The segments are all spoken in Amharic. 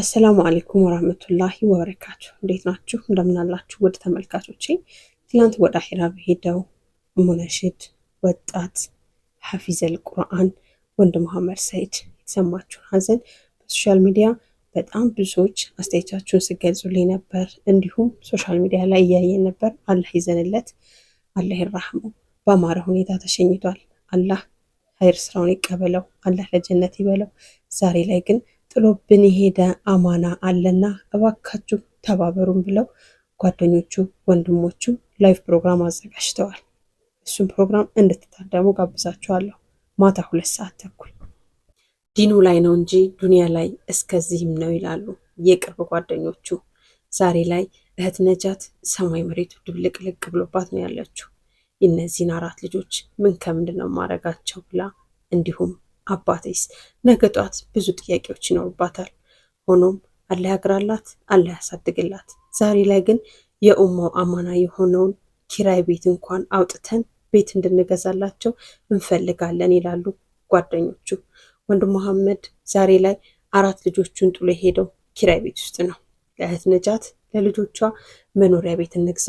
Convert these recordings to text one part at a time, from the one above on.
አሰላሙ አሌይኩም ወራህመቱላሂ ወበረካቱ። እንዴት ናችሁ? እንደምናላችሁ ወደ ተመልካቾቼ። ትላንት ወደ አሄራ በሄደው ሙነሽድ ወጣት ሐፊዘል ቁርአን ወንድ መሐመድ ሰይድ የተሰማችሁን ሀዘን በሶሻል ሚዲያ በጣም ብዙ ሰዎች አስተያየታችሁን ስገልጹልኝ ነበር። እንዲሁም ሶሻል ሚዲያ ላይ እያየን ነበር። አላህ ይዘንለት፣ አላህ ይራህሙ። በአማረ ሁኔታ ተሸኝቷል። አላህ ሀይር ስራውን ይቀበለው፣ አላህ ለጀነት ይበለው። ዛሬ ላይ ግን ጥሎብን የሄደ አማና አለና እባካችሁ ተባበሩን ብለው ጓደኞቹ ወንድሞቹም ላይቭ ፕሮግራም አዘጋጅተዋል። እሱም ፕሮግራም እንድትታደሙ ጋብዛችኋለሁ። ማታ ሁለት ሰዓት ተኩል ዲኑ ላይ ነው እንጂ ዱንያ ላይ እስከዚህም ነው ይላሉ የቅርብ ጓደኞቹ። ዛሬ ላይ እህት ነጃት ሰማይ መሬቱ ድብልቅልቅ ብሎባት ነው ያለችው። የእነዚህን አራት ልጆች ምን ከምንድን ነው ማድረጋቸው ብላ እንዲሁም አባቴስ ነገ ጧት ብዙ ጥያቄዎች ይኖሩባታል። ሆኖም አላህ ያግራላት፣ አላህ ያሳድግላት። ዛሬ ላይ ግን የኡማው አማና የሆነውን ኪራይ ቤት እንኳን አውጥተን ቤት እንድንገዛላቸው እንፈልጋለን ይላሉ ጓደኞቹ። ወንድ መሐመድ ዛሬ ላይ አራት ልጆቹን ጥሎ የሄደው ኪራይ ቤት ውስጥ ነው። ለእህት ነጃት ለልጆቿ መኖሪያ ቤት እንግዛ፣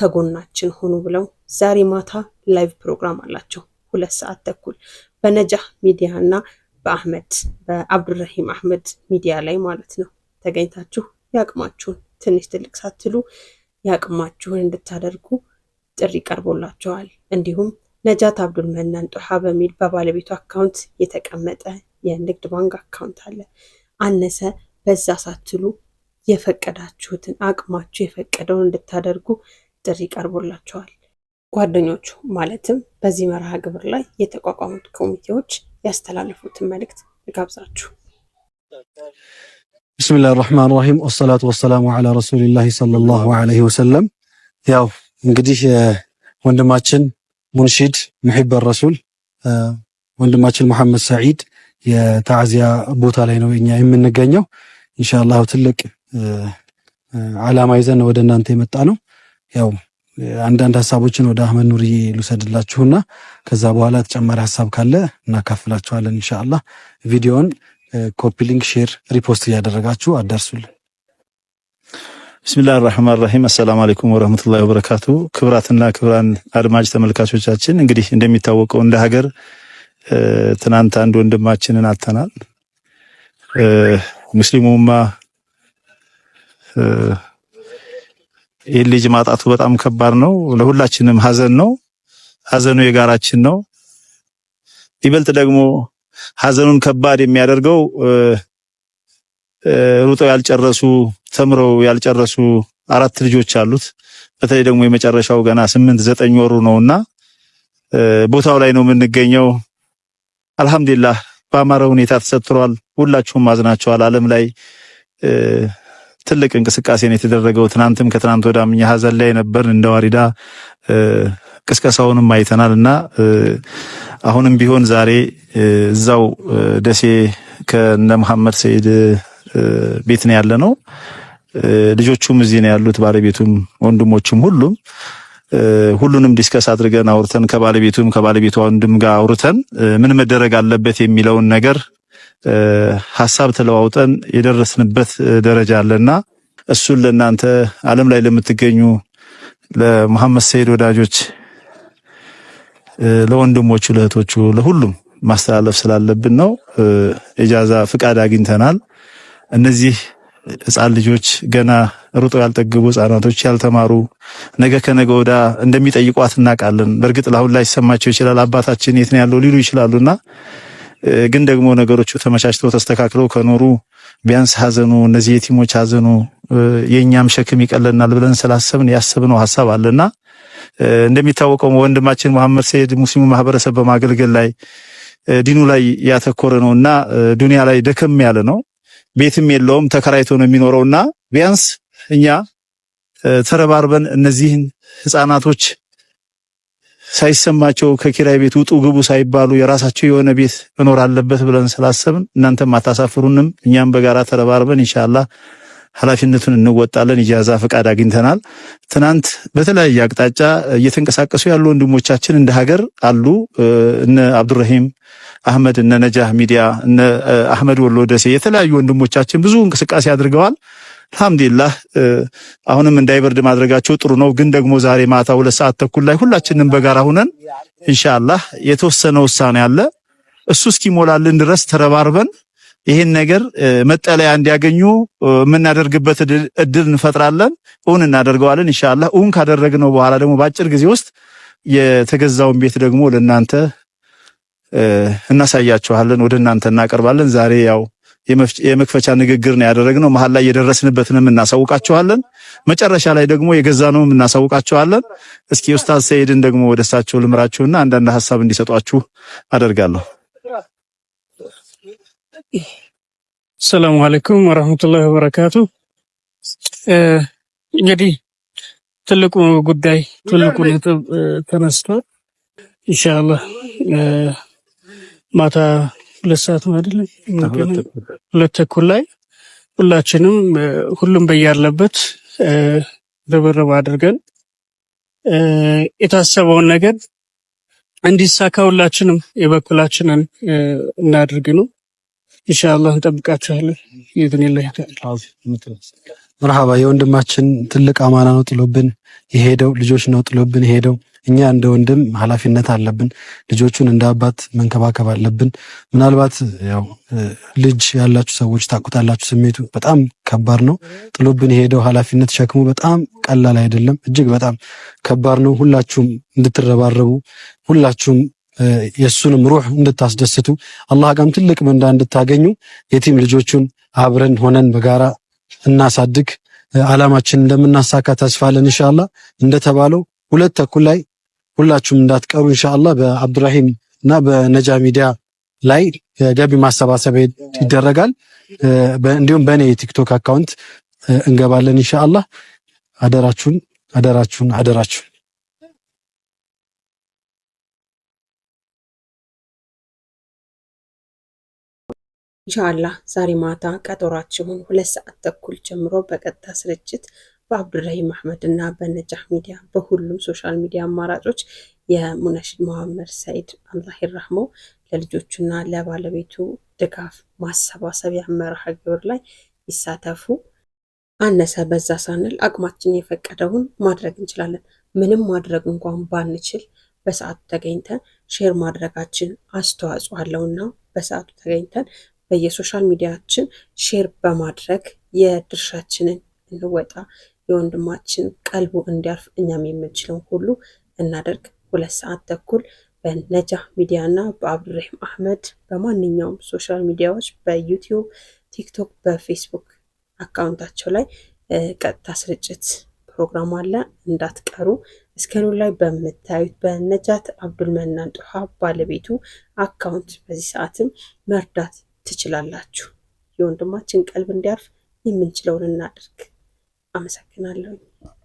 ከጎናችን ሆኑ ብለው ዛሬ ማታ ላይቭ ፕሮግራም አላቸው። ሁለት ሰዓት ተኩል በነጃህ ሚዲያ እና በአህመድ በአብዱራሂም አህመድ ሚዲያ ላይ ማለት ነው ተገኝታችሁ ያቅማችሁን ትንሽ ትልቅ ሳትሉ ያቅማችሁን እንድታደርጉ ጥሪ ቀርቦላችኋል። እንዲሁም ነጃት አብዱል መናን ጦሃ በሚል በባለቤቱ አካውንት የተቀመጠ የንግድ ባንክ አካውንት አለ። አነሰ በዛ ሳትሉ የፈቀዳችሁትን አቅማችሁ የፈቀደውን እንድታደርጉ ጥሪ ቀርቦላችኋል። ጓደኞቹ ማለትም በዚህ መርሃ ግብር ላይ የተቋቋሙት ኮሚቴዎች ያስተላለፉትን መልእክት እጋብዛችሁ። ብስሚላህ ራህማን ራሂም ወሰላቱ ወሰላሙ አላ ረሱሊላህ ሰለላሁ አለይሂ ወሰለም። ያው እንግዲህ ወንድማችን ሙንሺድ ሙሒብ ረሱል ወንድማችን መሐመድ ሰዒድ የታዕዚያ ቦታ ላይ ነው እኛ የምንገኘው። ኢንሻአላህ ትልቅ ዓላማ ይዘን ወደ እናንተ የመጣ ነው ያው አንዳንድ ሀሳቦችን ወደ አህመድ ኑርዬ ልውሰድላችሁና ከዛ በኋላ ተጨማሪ ሀሳብ ካለ እናካፍላችኋለን። እንሻአላ ቪዲዮን ኮፒ ሊንክ፣ ሼር፣ ሪፖስት እያደረጋችሁ አዳርሱልን። ብስሚላህ ራህማን ራሂም አሰላሙ አለይኩም ወረህመቱላሂ ወበረካቱ። ክብራትና ክብራን አድማጭ ተመልካቾቻችን እንግዲህ እንደሚታወቀው እንደ ሀገር ትናንት አንድ ወንድማችንን አጥተናል። ሙስሊሙማ ይህ ልጅ ማጣቱ በጣም ከባድ ነው። ለሁላችንም ሀዘን ነው። ሀዘኑ የጋራችን ነው። ይበልጥ ደግሞ ሀዘኑን ከባድ የሚያደርገው ሩጠው ያልጨረሱ ተምረው ያልጨረሱ አራት ልጆች አሉት። በተለይ ደግሞ የመጨረሻው ገና ስምንት ዘጠኝ ወሩ እና ቦታው ላይ ነው የምንገኘው። አልሐምዱሊላህ በአማረ ሁኔታ ተሰጥቷል። ሁላችሁም አዝናቸዋል። አለም ላይ ትልቅ እንቅስቃሴን የተደረገው ትናንትም ከትናንት ወደ አምኛ ሀዘን ላይ ነበር እንደ ዋሪዳ ቅስቀሳውንም አይተናል እና አሁንም ቢሆን ዛሬ እዛው ደሴ ከነ መሐመድ ሰይድ ቤት ነው ያለ ነው። ልጆቹም እዚህ ነው ያሉት፣ ባለቤቱም፣ ወንድሞቹም ሁሉም ሁሉንም ዲስከስ አድርገን አውርተን ከባለቤቱም ከባለቤቷ ወንድም ጋር አውርተን ምን መደረግ አለበት የሚለውን ነገር ሀሳብ ተለዋውጠን የደረስንበት ደረጃ አለና እሱን ለእናንተ ዓለም ላይ ለምትገኙ ለመሐመድ ሰይድ ወዳጆች፣ ለወንድሞቹ፣ ለእህቶቹ፣ ለሁሉም ማስተላለፍ ስላለብን ነው። እጃዛ ፍቃድ አግኝተናል። እነዚህ ህፃን ልጆች ገና ሩጦ ያልጠገቡ ህፃናቶች ያልተማሩ ነገ ከነገ ወዳ እንደሚጠይቋት እናውቃለን። በእርግጥ ለአሁን ላይ ሰማቸው ይችላል። አባታችን የት ነው ያለው ሊሉ ይችላሉና ግን ደግሞ ነገሮቹ ተመቻችተው ተስተካክለው ከኖሩ ቢያንስ ሀዘኑ እነዚህ የቲሞች ሀዘኑ የእኛም ሸክም ይቀለናል ብለን ስላሰብን ያሰብነው ሀሳብ አለና እንደሚታወቀው ወንድማችን መሐመድ ሰይድ ሙስሊሙ ማህበረሰብ በማገልገል ላይ ዲኑ ላይ ያተኮረ እና ዱንያ ላይ ደከም ያለ ነው። ቤትም የለውም ተከራይቶ ነው የሚኖረውና ቢያንስ እኛ ተረባርበን እነዚህን ህፃናቶች ሳይሰማቸው ከኪራይ ቤት ውጡ ግቡ ሳይባሉ የራሳቸው የሆነ ቤት መኖር አለበት ብለን ስላሰብን እናንተም አታሳፍሩንም፣ እኛም በጋራ ተረባርበን እንሻላ ኃላፊነቱን እንወጣለን። ኢጃዛ ፈቃድ አግኝተናል። ትናንት በተለያየ አቅጣጫ እየተንቀሳቀሱ ያሉ ወንድሞቻችን እንደ ሀገር አሉ። እነ አብዱራሂም አህመድ፣ እነ ነጃህ ሚዲያ፣ እነ አህመድ ወሎ ደሴ የተለያዩ ወንድሞቻችን ብዙ እንቅስቃሴ አድርገዋል። አልሐምዱሊላህ አሁንም እንዳይበርድ ማድረጋቸው ጥሩ ነው። ግን ደግሞ ዛሬ ማታ ሁለት ሰዓት ተኩል ላይ ሁላችንም በጋራ ሁነን ኢንሻአላህ የተወሰነ ውሳኔ አለ እሱ እስኪሞላልን ድረስ ተረባርበን ይህን ነገር መጠለያ እንዲያገኙ የምናደርግበት እድል እንፈጥራለን። እውን እናደርገዋለን ኢንሻአላህ። እውን ካደረግነው በኋላ ደግሞ በአጭር ጊዜ ውስጥ የተገዛውን ቤት ደግሞ ለእናንተ እናሳያችኋለን፣ ወደ እናንተ እናቀርባለን። ዛሬ ያው የመክፈቻ ንግግር ነው ያደረግነው። መሀል ላይ የደረስንበትንም እናሳውቃችኋለን። መጨረሻ ላይ ደግሞ የገዛነውም እናሳውቃችኋለን። እስኪ ኡስታዝ ሰይድን ደግሞ ወደ እሳቸው ልምራችሁና አንዳንድ ሀሳብ እንዲሰጧችሁ አደርጋለሁ። ሰላሙ አለይኩም ወራህመቱላሂ ወበረካቱ። እንግዲህ ትልቁ ጉዳይ ትልቁ ነጥብ ተነስቷል። ኢንሻአላህ ማታ ሁለት ሰዓት አይደለም ሁለት ተኩል ላይ ሁላችንም ሁሉም በያለበት ርብርብ አድርገን የታሰበውን ነገር እንዲሳካ ሁላችንም የበኩላችንን እናድርግ ነው። ኢንሻአላህ እንጠብቃችኋለን። ይድንላህ መርሐባ። የወንድማችን ትልቅ አማና ነው ጥሎብን የሄደው ልጆች ነው ጥሎብን የሄደው እኛ እንደ ወንድም ኃላፊነት አለብን። ልጆቹን እንደ አባት መንከባከብ አለብን። ምናልባት ያው ልጅ ያላችሁ ሰዎች ታቁታላችሁ ስሜቱ በጣም ከባድ ነው። ጥሎብን የሄደው ኃላፊነት ሸክሙ በጣም ቀላል አይደለም። እጅግ በጣም ከባድ ነው። ሁላችሁም እንድትረባረቡ ሁላችሁም የእሱንም ሩህ እንድታስደስቱ አላህ ጋም ትልቅ ምንዳ እንድታገኙ የቲም ልጆቹን አብረን ሆነን በጋራ እናሳድግ። አላማችን እንደምናሳካ ተስፋለን። ኢንሻአላህ እንደተባለው ሁለት ተኩል ላይ ሁላችሁም እንዳትቀሩ ኢንሻአላህ በአብዱራሂም እና በነጃ ሚዲያ ላይ ገቢ ማሰባሰብ ይደረጋል። እንዲሁም በእኔ የቲክቶክ አካውንት እንገባለን ኢንሻአላህ። አደራችሁን አደራችሁን አደራችሁን። ኢንሻአላህ ዛሬ ማታ ቀጠሯችሁን ሁለት ሰዓት ተኩል ጀምሮ በቀጥታ ስርጭት በአብዱራሂም አህመድ እና በነጃህ ሚዲያ በሁሉም ሶሻል ሚዲያ አማራጮች የሙነሽድ መሐመድ ሰኢድ አላህ ይርሐመው ለልጆቹና ለባለቤቱ ድጋፍ ማሰባሰቢያ መርሃ ግብር ላይ ይሳተፉ። አነሰ በዛ ሳንል አቅማችን የፈቀደውን ማድረግ እንችላለን። ምንም ማድረግ እንኳን ባንችል በሰዓቱ ተገኝተን ሼር ማድረጋችን አስተዋጽኦ አለውና በሰዓቱ ተገኝተን በየሶሻል ሚዲያችን ሼር በማድረግ የድርሻችንን እንወጣ። የወንድማችን ቀልቡ እንዲያርፍ እኛም የምንችለውን ሁሉ እናደርግ። ሁለት ሰዓት ተኩል በነጃ ሚዲያ እና በአብዱራሂም አህመድ በማንኛውም ሶሻል ሚዲያዎች በዩቲዩብ፣ ቲክቶክ፣ በፌስቡክ አካውንታቸው ላይ ቀጥታ ስርጭት ፕሮግራም አለ፣ እንዳትቀሩ። እስከኑ ላይ በምታዩት በነጃት አብዱልመናን ጦሃ ባለቤቱ አካውንት በዚህ ሰዓትም መርዳት ትችላላችሁ። የወንድማችን ቀልብ እንዲያርፍ የምንችለውን እናድርግ። Vamos a